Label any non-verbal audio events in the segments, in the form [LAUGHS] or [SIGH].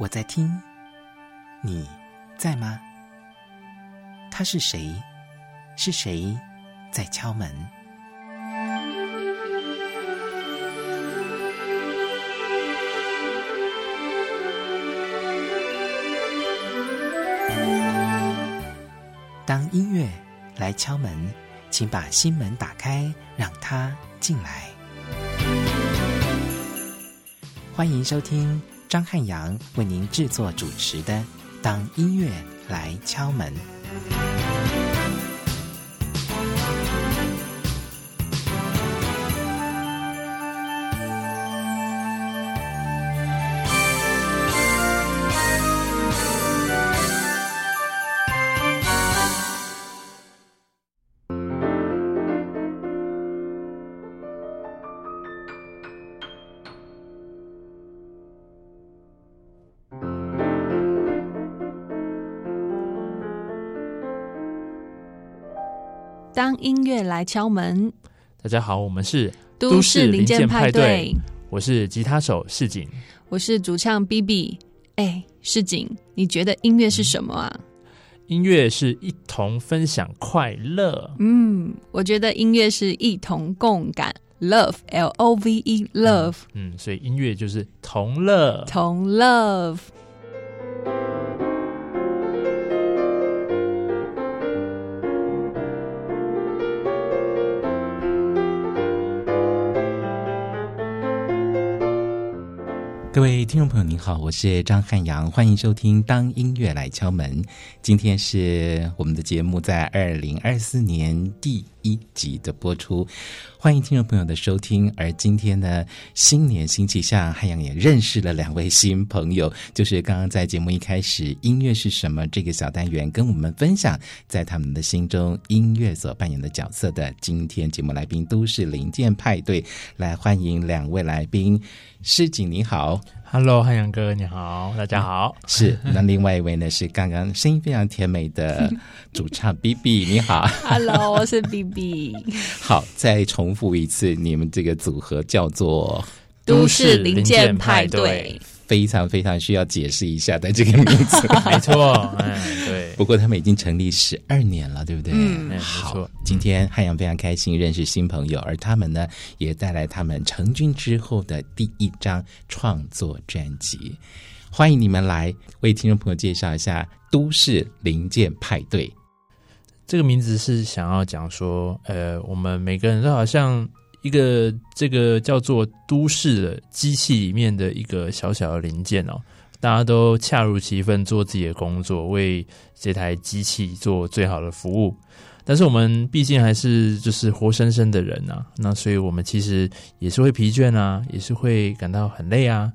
我在聽，你在嗎？他是誰？是誰在敲門？當音樂來敲門，請把心門打開，讓它進來。歡迎收聽。張漢陽為您制作主持的《當音樂來敲門》。當音樂來敲門，大家好，我們是都市零件派對，我是吉他手世錦，我是主唱 Bibi。哎、欸，世錦，你覺得音樂是什麼啊？音樂是一同分享快樂，嗯，我覺得音樂是一同共感，love，l o v e，love，嗯，嗯，所以音樂就是同樂，同 love。各位聽眾朋友，您好，我是張漢陽，歡迎收聽《當音樂來敲門》。今天是我們的節目在二零二四年第一集的播出，歡迎聽眾朋友的收聽。而今天呢，新年新氣象，海洋也認識了兩位新朋友，就是剛剛在節目一開始，音樂是什麼這個小單元跟我們分享，在他們的心中音樂所扮演的角色的。今天節目來賓都市零件派對來歡迎兩位來賓，世錦你好。哈嘍，Hello, 漢陽哥，你好，大家好。 [LAUGHS] 是，那另外一位呢是剛剛聲音非常甜美的主唱 Bibi， [LAUGHS] 你好。哈嘍，我是 Bibi。 [LAUGHS] 好，再重複一次，你們這個組合叫做都市零件派對。非常非常需要解釋一下的這個名字，沒錯，對。不過他們已經成立十二年了，對不對？嗯,好嗯，沒錯。今天漢陽非常開心認識新朋友，而他們呢也帶來他們成軍之後的第一張創作專輯，歡迎你們來為聽眾朋友介紹一下《都市零件派對》。這個名字是想要講說，呃，我們每個人都好像。一個這個叫做都市的機器裡面的一個小小的零件哦，大家都恰如其分做自己的工作，為這台機器做最好的服務。但是我們畢竟還是就是活生生的人吶、啊，那所以我們其實也是會疲倦啊，也是會感到很累啊。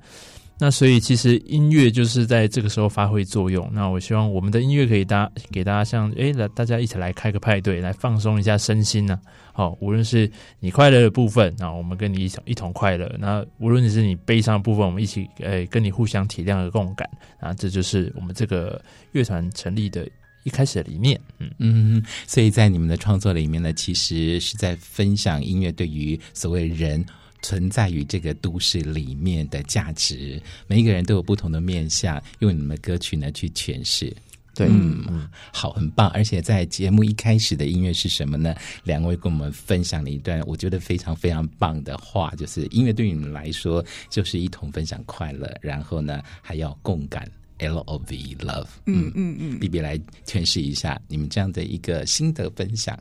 那所以其實音樂就是在這個時候發揮作用。那我希望我們的音樂可以大家給大家像，像哎來大家一起來開個派對，來放鬆一下身心呢、啊。好、哦，無論是你快樂的部分，那我們跟你一一同快樂；那無論是你悲傷的部分，我們一起誒跟你互相體諒和共感。啊，這就是我們這個樂團成立的一開始的理念。嗯嗯，所以在你們的創作裡面呢，其實是在分享音樂對於所謂人。存在於這個都市裡面的價值，每一個人都有不同的面相，用你們的歌曲呢去詮釋。對，嗯，嗯，好，很棒。而且在節目一開始的音樂是什麼呢？兩位跟我們分享了一段我覺得非常非常棒的話，就是音樂對你們來說就是一同分享快樂，然後呢還要共感 L O V Love。嗯嗯嗯，Bibi 來詮釋一下你們這樣的一個心得分享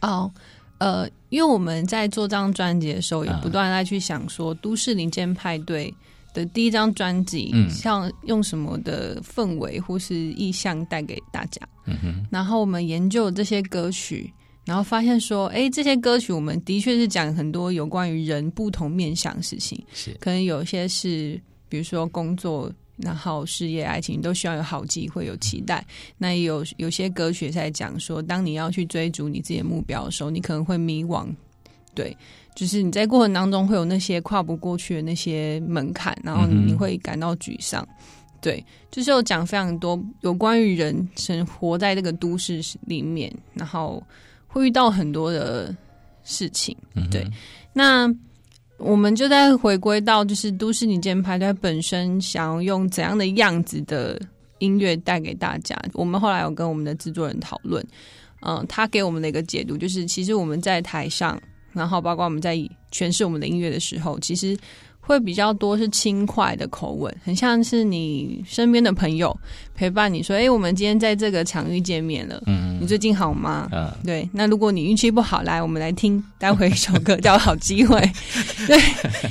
哦。呃，因為我們在做這張專輯的時候，也不斷在去想說，都市零件派對的第一張專輯，嗯、像用什麼的氛圍或是意象帶給大家。嗯、哼然後我們研究這些歌曲，然後發現說，哎、欸，這些歌曲我們的確是講很多有關於人不同面向的事情，是可能有些是，比如說工作。然後事業、愛情都需要有好機會、有期待。那也有有些歌曲在講說，當你要去追逐你自己的目標的時候，你可能會迷惘。對，就是你在過程當中會有那些跨不過去的那些門檻，然後你會感到沮喪。嗯、哼對，就是有講非常多有關於人生活在這個都市裡面，然後會遇到很多的事情。嗯、哼對，那。我們就在回歸到，就是都市零件派對本身想要用怎樣的樣子的音樂帶給大家。我們後來有跟我們的制作人討論，嗯、呃，他給我們的一個解讀就是，其實我們在台上，然後包括我們在詮釋我們的音樂的時候，其實。會比較多是輕快的口吻，很像是你身邊的朋友陪伴你說：“哎，我們今天在這個場域見面了，嗯，你最近好嗎？”嗯、對。那如果你運氣不好，來我們來聽待會一首歌 [LAUGHS] 叫《好機會》，對，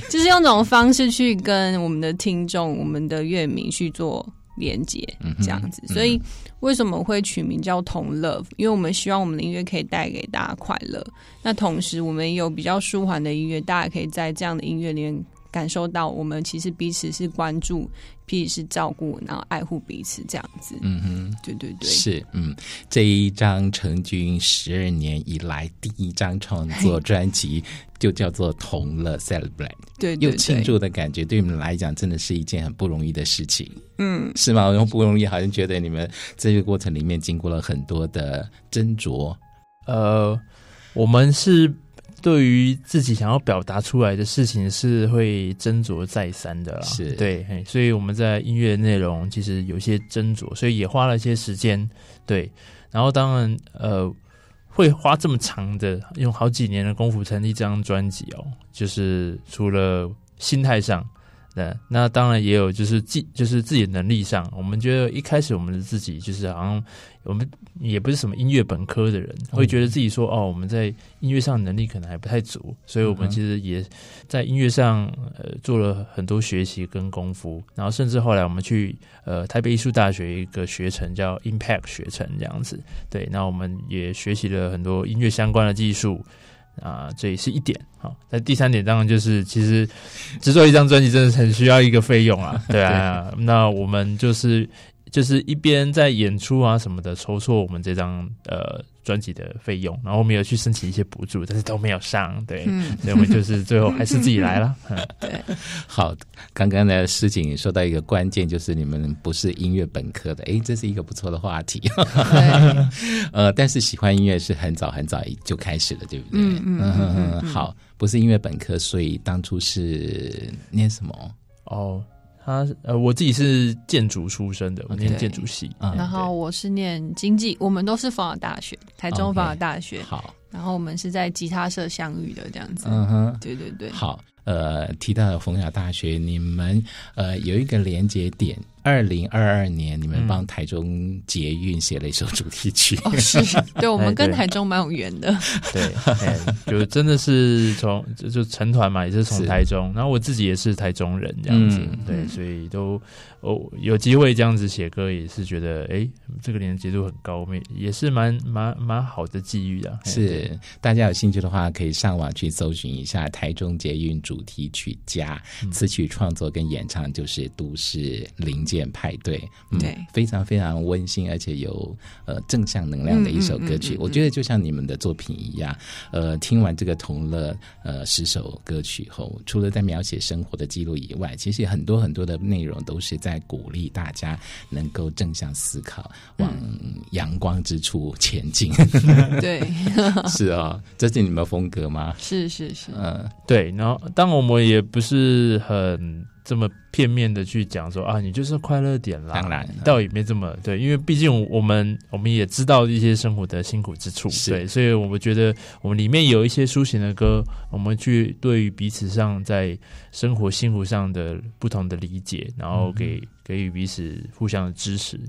就是用這種方式去跟我們的聽眾、我們的樂迷去做連接，這樣子。所以、嗯、為什麼會取名叫《同樂》？因為我們希望我們的音樂可以帶給大家快樂。那同時，我們也有比較舒緩的音樂，大家可以在這樣的音樂裡面。感受到我們其實彼此是關注，彼此是照顧，然後愛護彼此這樣子。嗯哼，對對對，是嗯，這一張成軍十二年以來第一張創作專輯，就叫做《同樂 Celebrate》， [LAUGHS] 對，對，對，對，有慶祝的感覺。對你們來講，真的是一件很不容易的事情。 [LAUGHS] 嗯，是嗎？然後不容易，好像覺得你們這個過程裡面經過了很多的斟酌。呃，我們是。對於自己想要表達出來的事情，是會斟酌再三的啦。是對，所以我們在音樂內容其實有些斟酌，所以也花了一些時間。對，然後當然呃，會花這麼長的，用好幾年的功夫成立這張專輯哦，就是除了心態上。對，那當然也有、就是，就是自就是自己的能力上，我們覺得一開始我們的自己就是好像我們也不是什麼音樂本科的人，嗯、會覺得自己說哦，我們在音樂上能力可能還不太足，所以我們其實也在音樂上呃做了很多學習跟功夫，然後甚至後來我們去呃台北藝術大學一個學程叫 Impact 學程這樣子，對，那我們也學習了很多音樂相關的技術。啊，這也是一點啊。那第三點當然就是，其實制作一張專輯真的很需要一個費用啊。 [LAUGHS] 對啊， [LAUGHS] 那我們就是。就是一邊在演出啊什麼的籌措我們這張呃專輯的費用，然後我們有去申請一些補助，但是都沒有上，對，那、嗯、我們就是最後還是自己來了。嗯嗯嗯嗯、好，剛剛的事情說到一個關鍵，就是你們不是音樂本科的，哎、欸，這是一個不錯的話題。呃對、嗯，但是喜歡音樂是很早很早就開始了，對不對？嗯嗯嗯。嗯嗯嗯好，不是音樂本科，所以當初是念什麼？哦。他呃，我自己是建築出身的，okay, 我念建築系，對嗯、然後我是念經濟，我們都是逢甲大學，台中逢甲大學，好，Okay, 然後我們是在吉他社相遇的這樣子，嗯哼、uh，huh, 對對對，好，呃，提到了逢甲大學，你們呃有一個連接點。二零二二年，你們幫台中捷運寫了一首主題曲。嗯哦、是對，我們跟台中蠻有緣的。對，對、 [LAUGHS] 嗯，就真的是從就就成團嘛，也是從台中。是然後我自己也是台中人這樣子，嗯、對，嗯、所以都哦有機會這樣子寫歌，也是覺得哎，這個連接度很高，也也是蠻蠻蠻好的際遇的、啊。是，嗯、大家有興趣的話，可以上網去搜尋一下台中捷運主題曲，加，詞曲創作跟演唱就是都市零件件派對，嗯、對，非常非常溫馨，而且有呃正向能量的一首歌曲。嗯嗯嗯嗯嗯，我覺得就像你們的作品一樣，呃，聽完這個同樂呃十首歌曲後，除了在描寫生活的記錄以外，其實很多很多的內容都是在鼓勵大家能夠正向思考，嗯、往陽光之處前進。 [LAUGHS] 對， [LAUGHS] 是啊、哦，這是你們風格嗎？是是是，嗯、呃，對。然後，當我們也不是很這麼。片面的去講說啊，你就是快樂點啦。當然，倒也沒這麼對，因為畢竟我們我們也知道一些生活的辛苦之處，是對，所以我們覺得我們裡面有一些抒情的歌，我們去對於彼此上在生活幸福上的不同的理解，然後給、嗯、給予彼此互相的支持。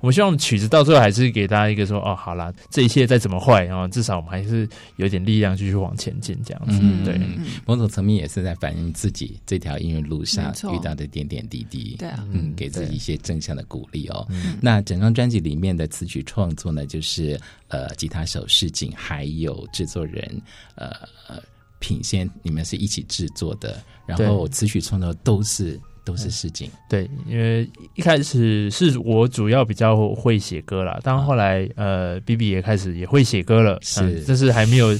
我希望曲子到最後還是給大家一個說哦，好啦，這一切再怎麼壞，然後至少我們還是有點力量繼續往前進這樣子，嗯、對，嗯、某種層面也是在反映自己這條音樂路上遇到的。點點滴滴，對啊，嗯，給自己一些正向的鼓勵哦。啊、那整張專輯裡面的詞曲創作呢，就是呃，吉他手世錦還有制作人呃品先，你們是一起制作的，然後詞曲創作都是對都是世錦。對，因為一開始是我主要比較會寫歌啦，但後來呃，Bibi 也開始也會寫歌了，是，這、嗯、是還沒有。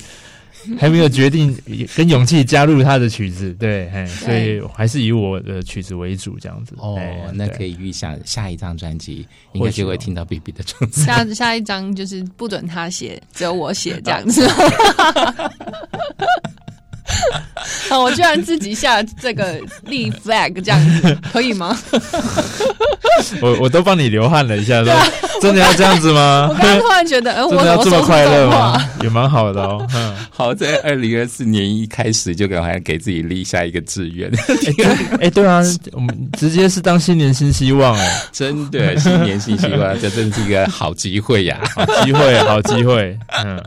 還沒有決定跟勇氣加入他的曲子，對，嘿，對。所以還是以我的曲子為主這樣子。哦，對那可以預想下一張專輯，應該就會聽到 Bibi 的專輯。下下一張就是不准他寫， [LAUGHS] 只有我寫這樣子。 [LAUGHS] [LAUGHS] 好，我居然自己下這個立 flag 這樣，可以嗎？我我都幫你流汗了一下，說真的要這樣子嗎？我剛剛突然覺得，真的要這麼快樂嗎？也蠻好的哦。好，在二零二四年一開始就好像給自己立下一個志願。哎，對啊，我們直接是當新年新希望哎，真的新年新希望，這真的是一個好機會呀，好機會，好機會。嗯，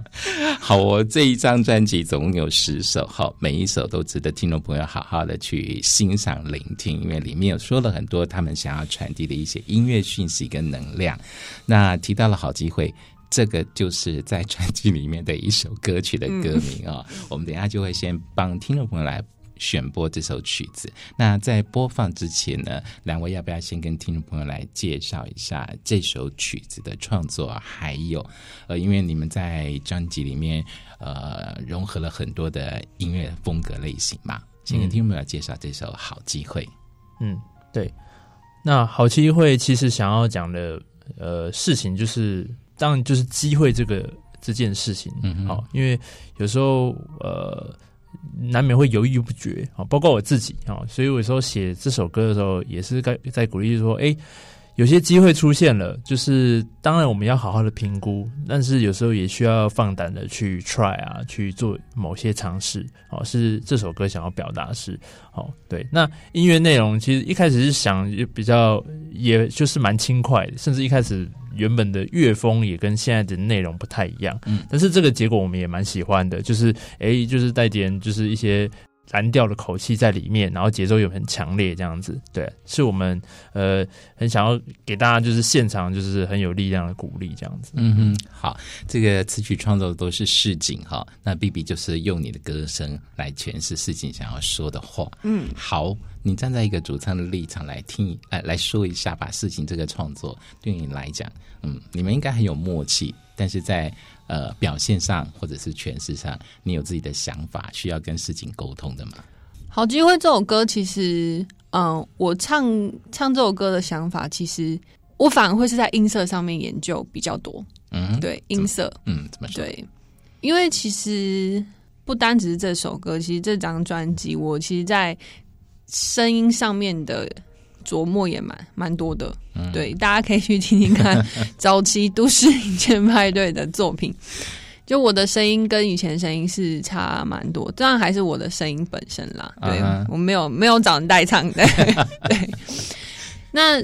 好，我這一張專輯總共有十首，好，每一首都。的聽眾朋友，好好的去欣賞、聆聽，因為裡面有說了很多他們想要傳遞的一些音樂訊息跟能量。那提到了好機會，這個就是在專輯裡面的一首歌曲的歌名啊、哦、嗯、我們等一下就會先幫聽眾朋友來選播這首曲子。那在播放之前呢，兩位要不要先跟聽眾朋友來介紹一下這首曲子的創作？還有，呃，因為你們在專輯裡面，呃，融合了很多的音樂風格類型嘛。先跟聽眾朋友來介紹這首《好機會》。嗯，對。那《好機會》其實想要講的，呃，事情就是當然就是機會這個這件事情，嗯哼，好、哦，因為有時候，呃。難免會猶豫不決啊，包括我自己啊，所以我說寫這首歌的時候，也是在鼓勵說：誒、欸，有些機會出現了，就是當然我們要好好的評估，但是有時候也需要放膽的去 try 啊，去做某些嘗試哦。是這首歌想要表達是哦，對。那音樂內容其實一開始是想比較，也就是蠻輕快的，甚至一開始。原本的樂風也跟現在的內容不太一樣，嗯，但是這個結果我們也蠻喜歡的，就是哎、欸，就是帶點就是一些。藍調的口氣在裡面，然後節奏又很強烈，這樣子，對，是我們呃很想要給大家，就是現場就是很有力量的鼓勵，這樣子。嗯哼，好，這個詞曲創作的都是世錦哈，哦，那 Bibi 就是用你的歌聲來詮釋世錦想要說的話。嗯，好，你站在一個主唱的立場來聽，哎，呃，來說一下吧，把世錦這個創作對你來講，嗯，你們應該很有默契，但是在。呃，表現上或者是詮釋上，你有自己的想法需要跟世錦溝通的嗎？好，機會這首歌，其實，嗯、呃，我唱唱這首歌的想法，其實我反而會是在音色上面研究比較多。嗯哼，對，麼音色，嗯，怎麼說？對，因為其實不單只是這首歌，其實這張專輯，我其實，在聲音上面的。琢磨也蠻蠻多的，嗯、對，大家可以去聽聽看早期都市零件派對的作品。就我的聲音跟以前聲音是差蠻多，當然還是我的聲音本身啦。對，uh huh. 我沒有沒有找人代唱的。對， [LAUGHS] 對，那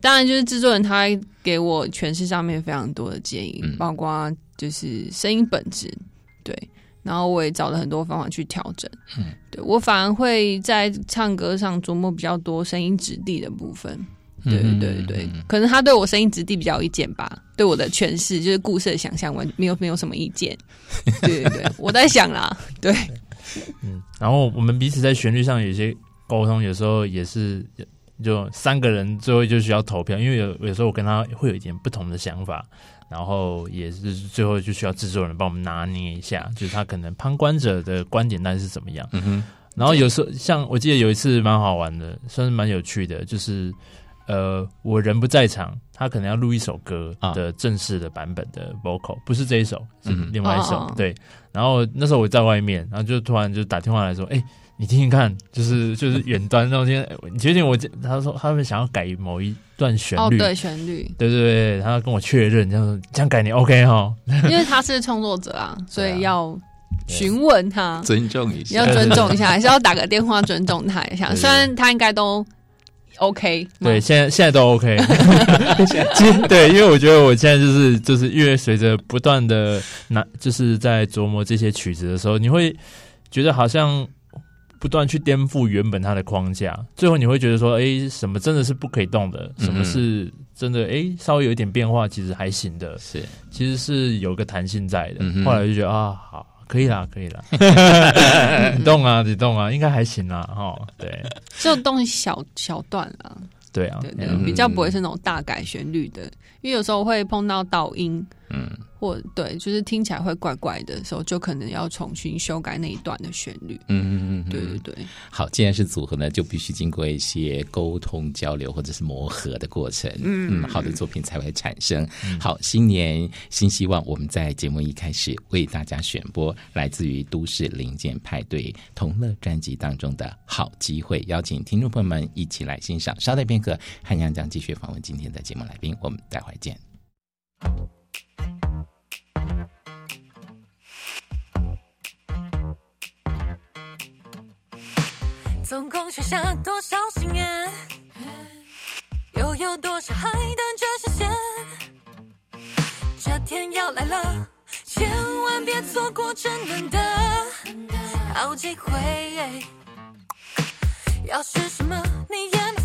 當然就是制作人他給我詮釋上面非常多的建議，嗯、包括就是聲音本質，對。然後我也找了很多方法去調整，嗯、對，我反而會在唱歌上琢磨比較多聲音質地的部分。嗯、對對對、嗯、可能他對我聲音質地比較有意見吧，對我的詮釋就是故事的想象完全沒有沒有什麼意見。 [LAUGHS] 對對對，我在想啦，對，嗯，然後我們彼此在旋律上有些溝通，有時候也是就三個人最後就需要投票，因為有有時候我跟他會有一點不同的想法。然後也是最後就需要製作人幫我們拿捏一下，就是他可能旁觀者的觀點，但是怎麼樣。嗯哼。然後有時候像我記得有一次蠻好玩的，算是蠻有趣的，就是呃我人不在場，他可能要錄一首歌的正式的版本的 vocal、啊、不是這一首，是另外一首。嗯哼。對。然後那時候我在外面，然後就突然就打電話來說，哎。你聽聽看，就是就是遠端那邊、欸，你決定我，他說他們想要改某一段旋律，哦，對，旋律，對對對，他跟我確認，這樣說這樣改你 OK 哈，因為他是創作者啊，所以要詢問他，尊重一下，啊、你要尊重一下，還、啊、是要打個電話尊重他一下，啊、雖然他應該都 OK，對，現在現在都 OK，對，因為我覺得我現在就是就是，因為隨着不斷的那，就是在琢磨這些曲子的時候，你會覺得好像。不斷去顛覆原本它的框架，最後你會覺得說，哎、欸，什麼真的是不可以動的？嗯、哼什麼是真的？哎、欸，稍微有一點變化其實還行的，是其實是有個彈性在的。後來就覺得啊，好，可以啦，可以啦， [LAUGHS] [LAUGHS] 你動啊，你動啊，應該還行啦、啊，哈， [LAUGHS] 對，就動小小段啊，對啊，對，對對，嗯、哼比較不會是那種大改旋律的，因為有時候會碰到倒音，嗯。或對，就是聽起來會怪怪的時候，就可能要重新修改那一段的旋律。嗯嗯嗯，嗯對對對。好，既然是組合呢，就必須經過一些溝通交流或者是磨合的過程。嗯，嗯，好的作品才會產生。嗯，好，新年新希望，我們在節目一開始為大家選播來自於都市零件派對《同樂》專輯當中的《好機會》，邀請聽眾朋友們一起來欣賞。稍待片刻，漢陽將繼續訪問今天的節目來賓，我們待會兒見。總共許下多少心願，又有多少還等着實現？這天要來了，千萬別錯過這難得的好機會。要是什麼你也。